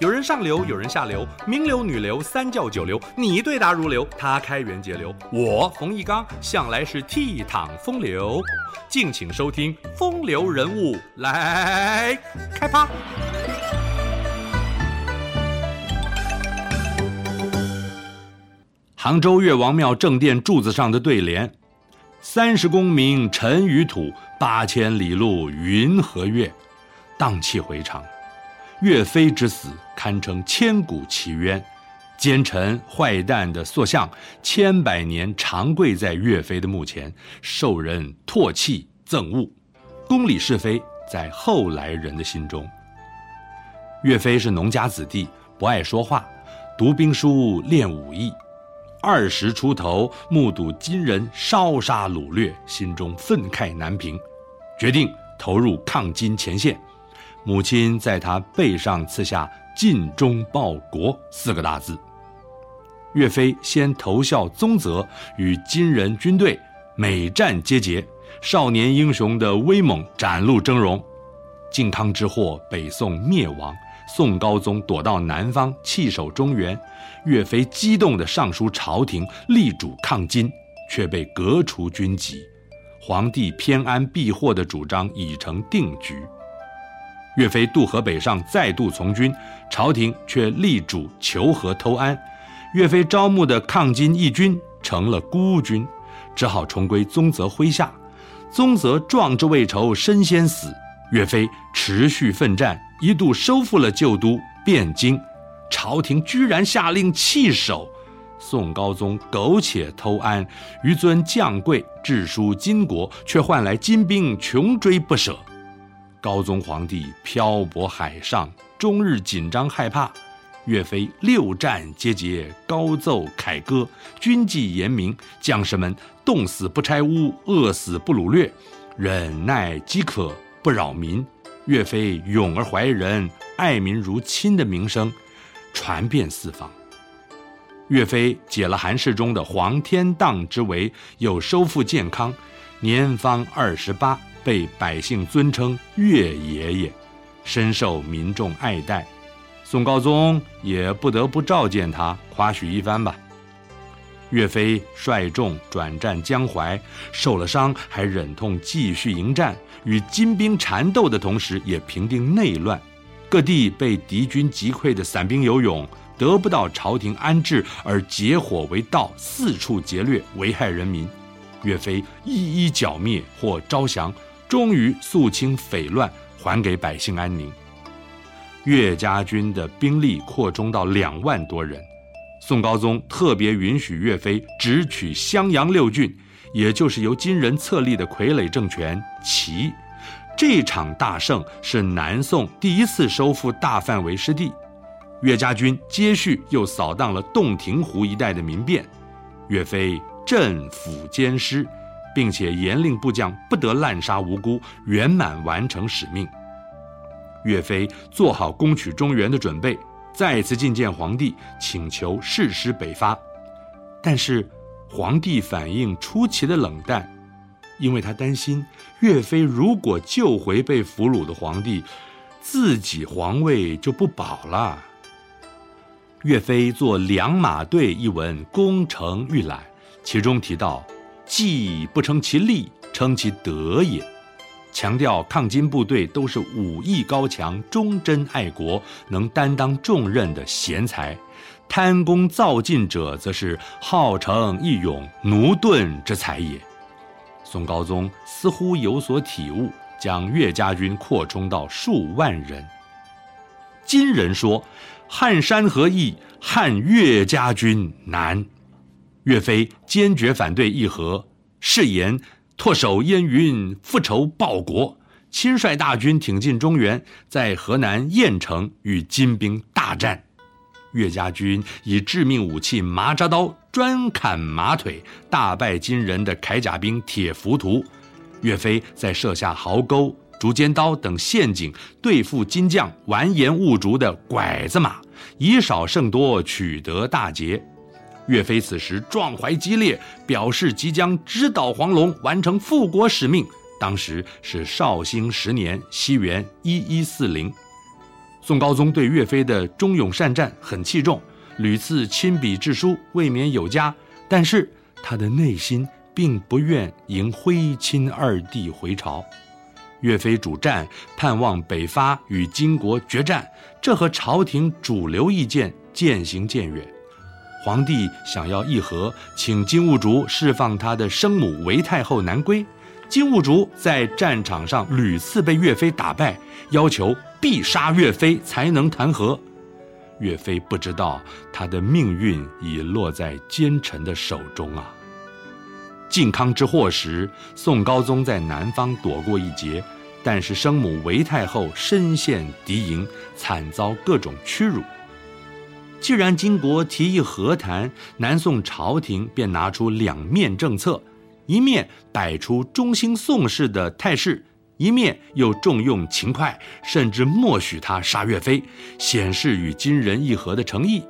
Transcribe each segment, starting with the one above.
有人上流，有人下流，名流、女流、三教九流，你對答如流，他開源節流。我馮翊綱向來是倜儻風流，敬請收聽《風流人物》來開趴。杭州岳王廟正殿柱子上的對聯：“三十功名塵與土，八千里路雲和月”，蕩氣回腸。岳飛之死堪稱千古奇冤，奸臣壞蛋的塑像千百年長跪在岳飛的墓前，受人唾棄憎惡。公理是非在後來人的心中。岳飛是農家子弟，不愛說話，讀兵書練武藝，二十出頭目睹金人燒殺擄掠，心中憤慨難平，決定投入抗金前線。母親在他背上刺下“盡忠報國”四個大字。岳飛先投效宗澤，與金人軍隊每戰皆捷，少年英雄的威猛展露崢嶸。靖康之禍，北宋滅亡，宋高宗躲到南方，棄守中原。岳飛激動地上書朝廷，力主抗金，卻被革除軍籍。皇帝偏安避禍的主張已成定局。岳飛渡河北上，再度從軍，朝廷卻力主求和偷安，岳飛招募的抗金義軍成了孤軍，只好重歸宗澤麾下。宗澤壯志未酬身先死，岳飛持續奮戰，一度收復了舊都汴京，朝廷居然下令棄守。宋高宗苟且偷安，紆尊降貴，致書金國，卻換來金兵窮追不捨。高宗皇帝漂泊海上，終日緊張害怕。岳飛六戰皆捷，高奏凱歌，軍紀嚴明，將士們凍死不拆屋，餓死不擄掠，忍耐飢渴不擾民。岳飛勇而懷仁，愛民如親的名聲傳遍四方。岳飛解了韓世忠的黃天蕩之圍，又收復建康，年方二十八。被百姓尊稱岳爺爺，深受民眾愛戴。宋高宗也不得不召見他，誇許一番吧。岳飛率眾轉戰江淮，受了傷還忍痛繼續迎戰，與金兵纏鬥的同時，也平定內亂。各地被敵軍擊潰的散兵游勇，得不到朝廷安置而結夥為盜，四處劫掠，危害人民。岳飛一一剿滅或招降。終於肅清匪亂，還給百姓安寧。岳家軍的兵力擴充到兩萬多人，宋高宗特別允許岳飛直取襄陽六郡，也就是由金人冊立的傀儡政權齊。這場大勝是南宋第一次收復大範圍失地。岳家軍接續又掃蕩了洞庭湖一帶的民變，岳飛鎮撫監師。並且嚴令部將不得濫殺無辜，圓滿完成使命。岳飛做好攻取中原的準備，再次覲見皇帝，請求誓師北伐。但是，皇帝反應出奇的冷淡，因為他擔心岳飛如果救回被俘虜的皇帝，自己皇位就不保了。岳飛作《良馬對》一文，攻城御覽，其中提到。驥不稱其力，稱其德也。強調抗金部隊都是武藝高強、忠貞愛國、能擔當重任的賢才，貪功躁進者，則是好逞易勇、駑鈍之才也。宋高宗似乎有所體悟，將岳家軍擴充到數萬人。金人說：“撼山河易，撼岳家軍難。”岳飛堅決反對議和，誓言唾手燕雲，復仇報國，親率大軍挺進中原，在河南郾城與金兵大戰。岳家軍以致命武器麻扎刀專砍馬腿，大敗金人的鎧甲兵鐵浮屠。岳飛在設下壕溝、竹尖刀等陷阱，對付金將完顏兀朮的拐子馬，以少勝多，取得大捷。岳飛此時壯懷激烈，表示即將直搗黃龍，完成復國使命。當時是紹興十年，西元一一四零。宋高宗對岳飛的忠勇善戰很器重，屢次親筆致書，慰勉有加。但是他的內心並不願迎徽欽二帝回朝。岳飛主戰，盼望北伐與金國決戰，這和朝廷主流意見漸行漸遠。皇帝想要議和，請金兀朮釋放他的生母韋太后南歸。金兀朮在戰場上屢次被岳飛打敗，要求必殺岳飛才能談和。岳飛不知道他的命運已落在奸臣的手中啊！靖康之禍時，宋高宗在南方躲過一劫，但是生母韋太后身陷敵營，慘遭各種屈辱。既然金國提議和談，南宋朝廷便拿出兩面政策，一面擺出中興宋室的態勢，一面又重用秦檜，甚至默許他殺岳飛，顯示與金人議和的誠意。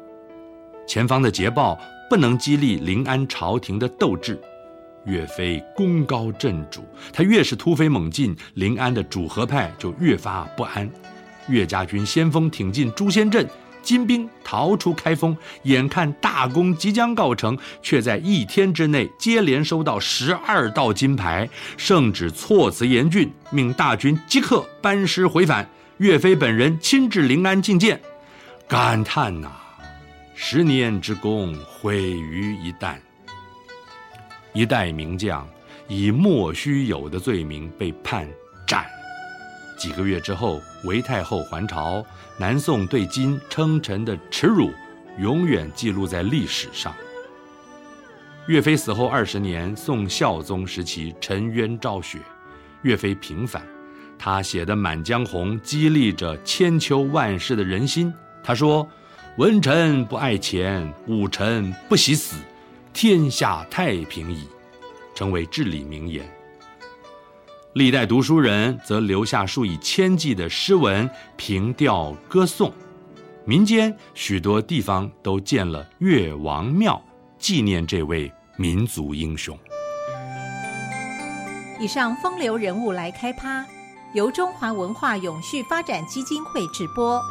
前方的捷報不能激勵臨安朝廷的鬥志，岳飛功高震主，他越是突飛猛進，臨安的主和派就越發不安。岳家軍先鋒挺進朱仙鎮。金兵逃出開封，眼看大功即將告成，卻在一天之內接連收到十二道金牌，聖旨措辭嚴峻，命大軍即刻班師回返。岳飛本人親至臨安覲見，感嘆吶、啊，十年之功毀於一旦，一代名將以莫須有的罪名被判斬。幾個月之後，韋太后還朝，南宋對金稱臣的恥辱，永遠記錄在歷史上。岳飛死後二十年，宋孝宗時期，沉冤昭雪，岳飛平反。他寫的《滿江紅》激勵着千秋萬世的人心。他說：“文臣不愛錢，武臣不惜死，天下太平矣。”成為至理名言。歷代讀書人則留下數以千計的詩文憑弔歌頌，民間許多地方都建了岳王廟，紀念這位民族英雄。以上風流人物來開趴，由中華文化永續發展基金會直播。